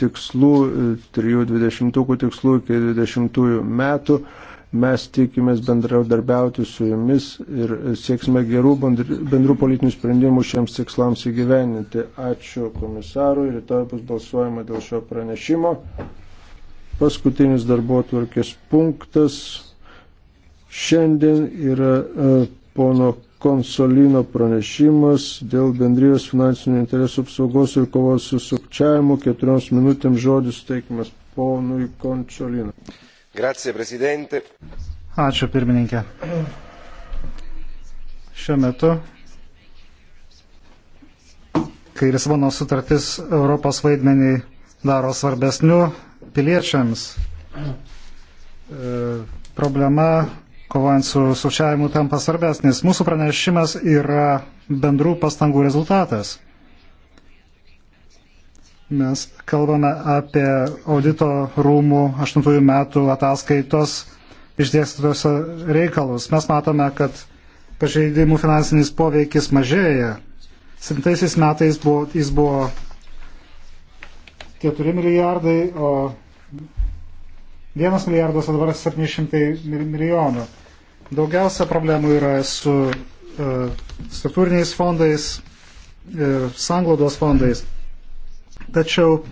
tikslų, 3.20 tikslų iki 20 metų. Mes tikimės bendraudarbiauti su jumis ir sieksime gerų bendrų politinių sprendimų šiems tikslams įgyveninti. Ačiū komisarui, rytoj bus balsuojama dėl šio pranešimo. Paskutinis darbo tvarkės punktas šiandien yra e, pono konsolino pranešimas dėl bendrijos finansinių interesų apsaugos ir kovos su sukčiavimu. Keturioms minutėms žodis teikimas ponui konsolino. Grazie, prezidente. Ačiū, pirmininkė. Šiuo metu, kai Lisbono sutartis Europos vaidmenį daro svarbesniu piliečiams, e, problema kovojant su sukčiavimu tampa svarbesnis. Mūsų pranešimas yra bendrų pastangų rezultatas. Mes kalbame apie audito rūmų 8 metų ataskaitos išdėstytos reikalus. Mes matome, kad pažeidimų finansinis poveikis mažėja. 7 metais buvo, jis buvo 4 milijardai, o 1 milijardas, o dabar 700 milijonų. Daugiausia problemų yra su e, struktūriniais fondais ir sanglaudos fondais. Tačiau e,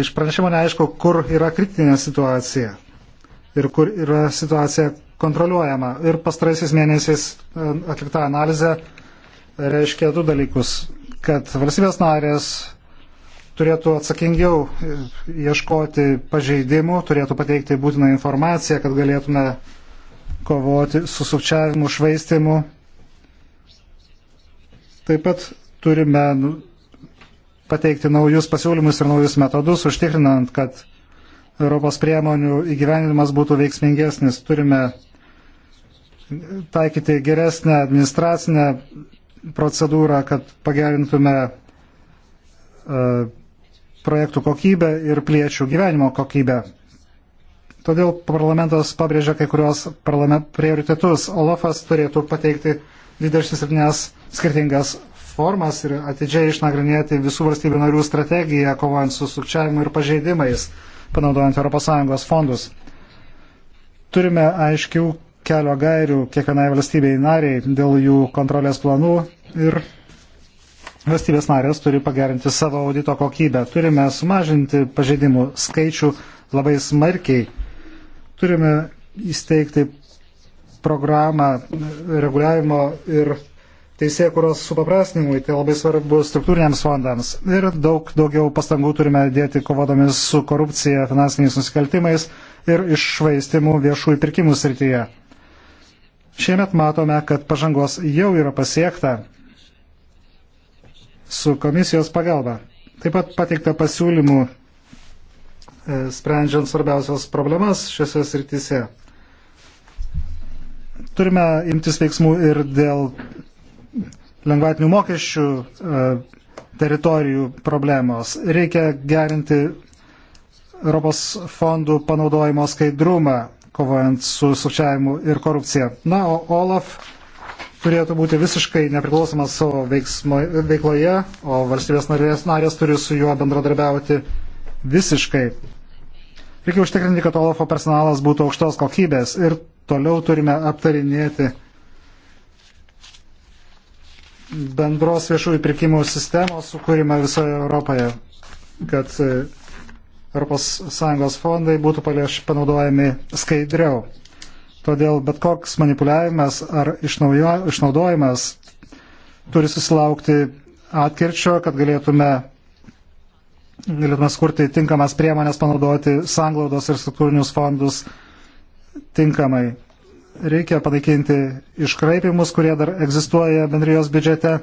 iš pranešimo neaišku, kur yra kritinė situacija ir kur yra situacija kontroliuojama. Ir pastaraisiais mėnesiais e, atlikta analizė reiškia du dalykus, kad valstybės narės turėtų atsakingiau ieškoti pažeidimų, turėtų pateikti būtiną informaciją, kad galėtume kovoti su sukčiavimu, švaistimu. Taip pat turime nu, pateikti naujus pasiūlymus ir naujus metodus, užtikrinant, kad Europos priemonių įgyvenimas būtų veiksmingesnis. Turime taikyti geresnę administracinę procedūrą, kad pagerintume uh, projektų kokybę ir pliečių gyvenimo kokybę. Todėl parlamentas pabrėžia kai kurios parlament prioritetus. Olafas turėtų pateikti 27 skirtingas formas ir atidžiai išnagrinėti visų valstybių narių strategiją kovojant su sukčiavimu ir pažeidimais, panaudojant ES fondus. Turime aiškių kelio gairių kiekvienai valstybei nariai dėl jų kontrolės planų ir valstybės narės turi pagerinti savo audito kokybę. Turime sumažinti pažeidimų skaičių labai smarkiai Turime įsteigti programą reguliavimo ir teisėjų kuros supaprastinimui, tai labai svarbu struktūriniams fondams. Ir daug daugiau pastangų turime dėti kovodami su korupcija, finansiniais nusikaltimais ir iššvaistimu viešųjų pirkimų srityje. Šiemet matome, kad pažangos jau yra pasiekta su komisijos pagalba. Taip pat pateikta pasiūlymų E, sprendžiant svarbiausias problemas šiose srityse. Turime imtis veiksmų ir dėl lengvatinių mokesčių e, teritorijų problemos. Reikia gerinti Europos fondų panaudojimo skaidrumą, kovojant su sukčiavimu ir korupcija. Na, o Olaf turėtų būti visiškai nepriklausomas savo veiksmo, veikloje, o valstybės narės, narės turi su juo bendradarbiauti visiškai. Reikia užtikrinti, kad Olafo personalas būtų aukštos kokybės ir toliau turime aptarinėti bendros viešųjų pirkimų sistemos sukūrimą visoje Europoje, kad ES fondai būtų panaudojami skaidriau. Todėl bet koks manipuliavimas ar išnaudojimas turi susilaukti atkirčio, kad galėtume galėtume skurti tinkamas priemonės panaudoti sanglaudos ir struktūrinius fondus tinkamai. Reikia panaikinti iškraipimus, kurie dar egzistuoja bendrijos biudžete.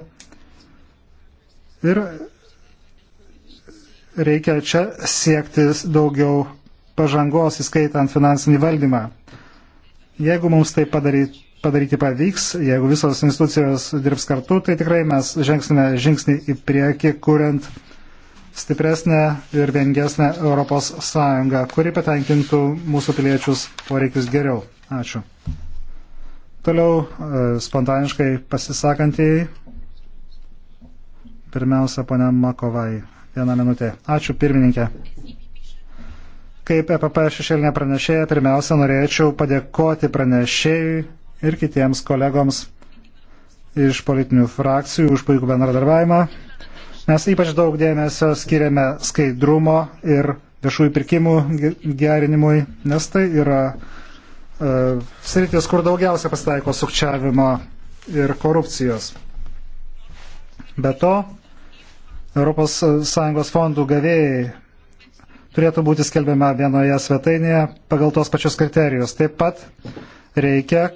Ir reikia čia siekti daugiau pažangos, įskaitant finansinį valdymą. Jeigu mums tai padaryti, padaryti pavyks, jeigu visos institucijos dirbs kartu, tai tikrai mes žengsime žingsnį į priekį, kuriant stipresnę ir viengesnę Europos Sąjungą, kuri patenkintų mūsų piliečius poreikius geriau. Ačiū. Toliau e, spontaniškai pasisakantieji. Pirmiausia, ponia Makovai. Vieną minutę. Ačiū, pirmininkė. Kaip EPP šešėlinė pranešėja, pirmiausia, norėčiau padėkoti pranešėjui ir kitiems kolegoms iš politinių frakcijų už puikų bendradarbiavimą. Mes ypač daug dėmesio skiriame skaidrumo ir viešųjų pirkimų gerinimui, nes tai yra uh, sritis, kur daugiausia pasitaiko sukčiavimo ir korupcijos. Be to, ES fondų gavėjai turėtų būti skelbiama vienoje svetainėje pagal tos pačius kriterijus. Taip pat reikia,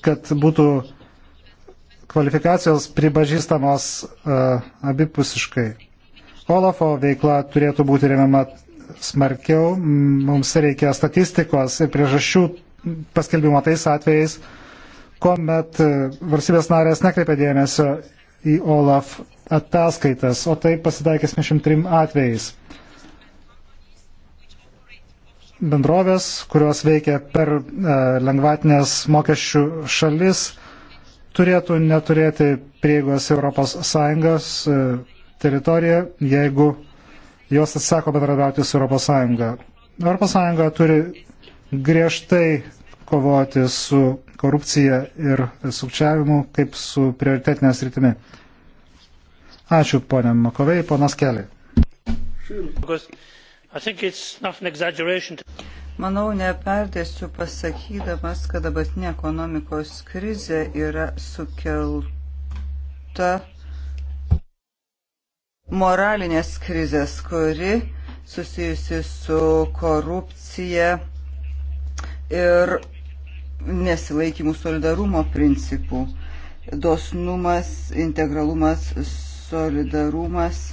kad būtų kvalifikacijos pripažįstamos uh, abipusiškai. Olafo veikla turėtų būti remiama smarkiau, mums reikia statistikos ir priežasčių paskelbimo tais atvejais, kuomet e, valstybės narės nekreipia dėmesio į Olaf ataskaitas, o tai pasitaikė 103 atvejais. Bendrovės, kurios veikia per uh, lengvatinės mokesčių šalis, uh, turėtų neturėti prieigos ES e, teritoriją, jeigu jos atsisako bendradarbiauti su ES. ES turi griežtai kovoti su korupcija ir sukčiavimu kaip su prioritetinė sritimi. Ačiū, ponė Makovei, ponas Keliai. Manau, neperdėsiu pasakydamas, kad dabartinė ekonomikos krizė yra sukelta moralinės krizės, kuri susijusi su korupcija ir nesilaikymų solidarumo principų. Dosnumas, integralumas, solidarumas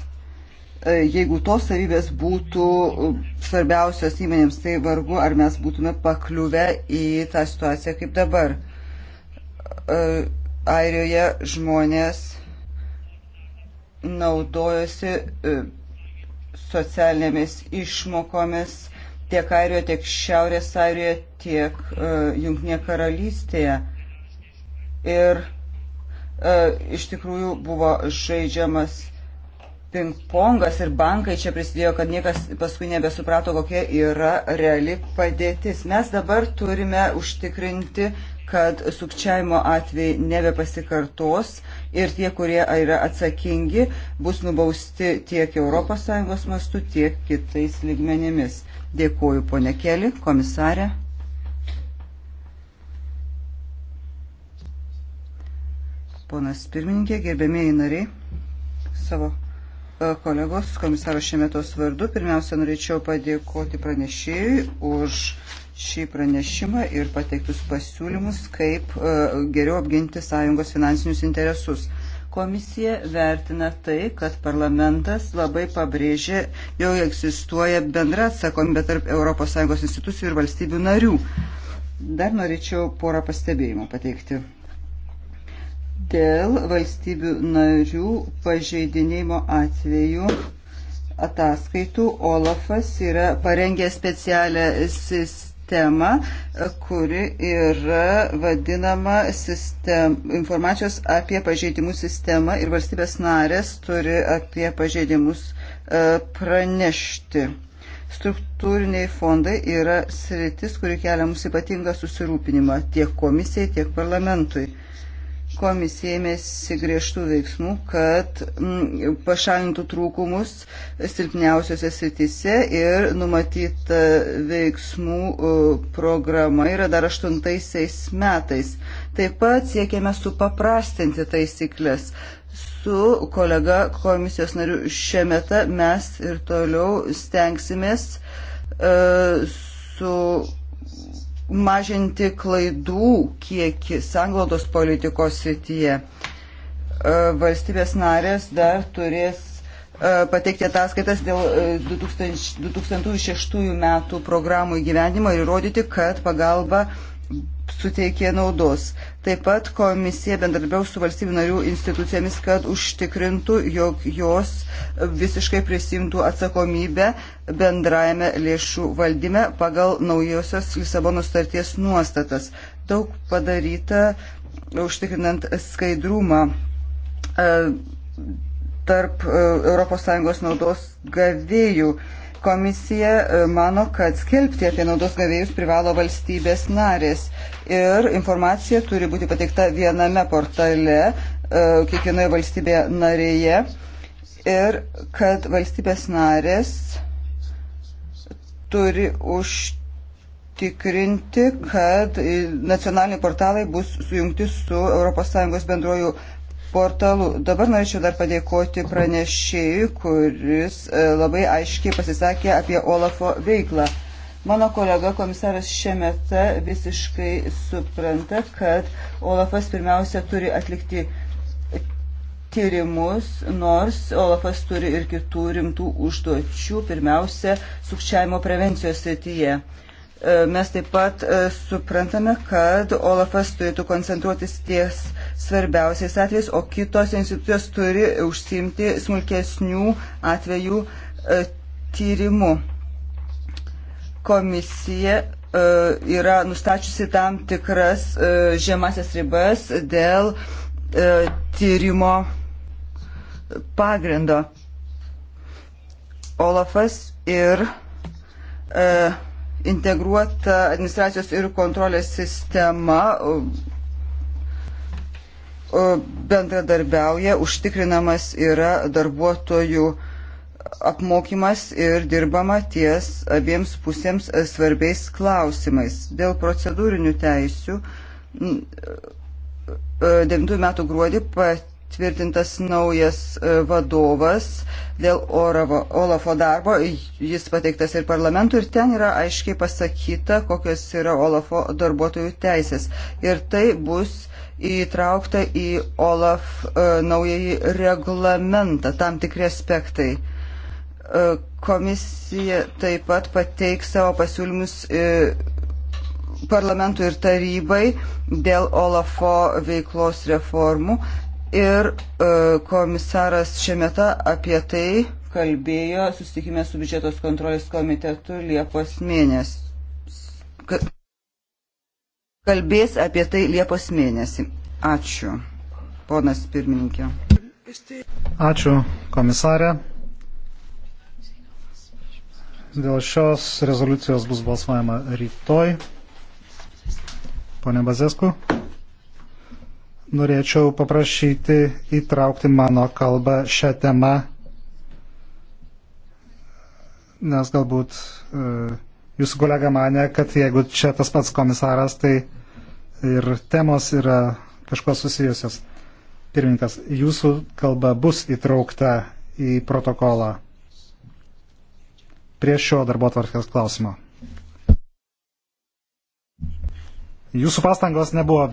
E, jeigu tos savybės būtų e, svarbiausios įmonėms, tai vargu, ar mes būtume pakliuvę į tą situaciją kaip dabar. E, Airijoje žmonės naudojosi socialinėmis išmokomis tiek Airijoje, tiek Šiaurės Airijoje, tiek uh, Junknė karalystėje. Ir uh, iš tikrųjų buvo žaidžiamas pingpongas ir bankai čia prisidėjo, kad niekas paskui nebesuprato, kokia yra reali padėtis. Mes dabar turime užtikrinti, kad sukčiavimo atvejai nebepasikartos ir tie, kurie yra atsakingi, bus nubausti tiek ES mastu, tiek kitais lygmenimis. Dėkuoju, ponė Keli, komisarė. Ponas pirmininkė, gerbėmėjai nariai, savo kolegos komisaro Šemetos vardu. Pirmiausia, norėčiau padėkoti pranešėjui už šį pranešimą ir pateiktus pasiūlymus, kaip e, geriau apginti sąjungos finansinius interesus. Komisija vertina tai, kad parlamentas labai pabrėžė, jau egzistuoja bendra atsakomybė tarp ES institucijų ir valstybių narių. Dar norėčiau porą pastebėjimų pateikti dėl valstybių narių pažeidinėjimo atvejų ataskaitų Olafas yra parengęs specialią sistemą, kuri yra vadinama sistem, informacijos apie pažeidimų sistemą ir valstybės narės turi apie pažeidimus e, pranešti. Struktūriniai fondai yra sritis, kuri kelia mums ypatingą susirūpinimą tiek komisijai, tiek parlamentui Komisija ėmėsi griežtų veiksmų, kad mm, pašalintų trūkumus silpniausiose sritise ir numatyta veiksmų e, programa yra dar aštuntaisiais metais. Taip pat siekėme supaprastinti taisyklės su kolega komisijos nariu Šemeta mes ir toliau stengsimės uh, su mažinti klaidų kiekį sanglaudos politikos srityje. E, valstybės narės dar turės e, pateikti ataskaitas dėl 2006 e, metų programų įgyvendimo ir įrodyti, kad pagalba suteikė naudos. Taip pat komisija bendradarbiaus su valstybių narių institucijomis, kad užtikrintų, jog jos visiškai prisimtų atsakomybę bendrajame lėšų valdyme pagal naujosios Lisabono starties nuostatas. Daug padaryta užtikrinant skaidrumą e, tarp ES naudos gavėjų komisija e, mano, kad skelbti apie naudos gavėjus privalo valstybės narės ir informacija turi būti pateikta viename portale e, kiekvienoje valstybėje narėje ir kad valstybės narės turi užtikrinti, kad nacionaliniai portalai bus sujungti su ES bendrojų portalu. Dabar norėčiau dar padėkoti pranešėjui, kuris e, labai aiškiai pasisakė apie Olafo veiklą. Mano kolega komisaras Šemeta visiškai supranta, kad Olafas pirmiausia turi atlikti tyrimus, nors Olafas turi ir kitų rimtų užduočių, pirmiausia, sukčiavimo prevencijos srityje. Tai Mes taip pat e, suprantame, kad Olafas turėtų koncentruotis ties svarbiausiais atvejais, o kitos institucijos turi užsimti smulkesnių atvejų e, tyrimu. Komisija e, yra nustačiusi tam tikras žemasias ribas dėl tyrimo pagrindo. Olafas ir e, integruota administracijos ir kontrolės sistema e, bendradarbiauja, užtikrinamas yra darbuotojų apmokymas ir dirbama ties abiems pusėms svarbiais klausimais. Dėl procedūrinių teisių 9 e, metų gruodį pat tvirtintas naujas e, vadovas dėl Oravo, Olafo darbo. Jis pateiktas ir parlamentui ir ten yra aiškiai pasakyta, kokios yra Olafo darbuotojų teisės. Ir tai bus įtraukta į Olaf e, naująjį reglamentą, tam tikri aspektai. E, komisija taip pat pateiks savo pasiūlymus parlamentui ir tarybai dėl Olafo veiklos reformų Ir e, komisaras Šemeta apie tai kalbėjo susitikime su biudžetos kontrolės komitetu Liepos mėnesį. Kalbės apie tai Liepos mėnesį. Ačiū, ponas pirmininkė. Ačiū, komisarė. Dėl šios rezoliucijos bus balsuojama rytoj. Pone Bazesku norėčiau paprašyti įtraukti mano kalbą šią temą, nes galbūt e, jūsų kolega mane, kad jeigu čia tas pats komisaras, tai ir temos yra kažko susijusios. Pirmininkas, jūsų kalba bus įtraukta į protokolą prie šio darbo tvarkės klausimo. Jūsų pastangos nebuvo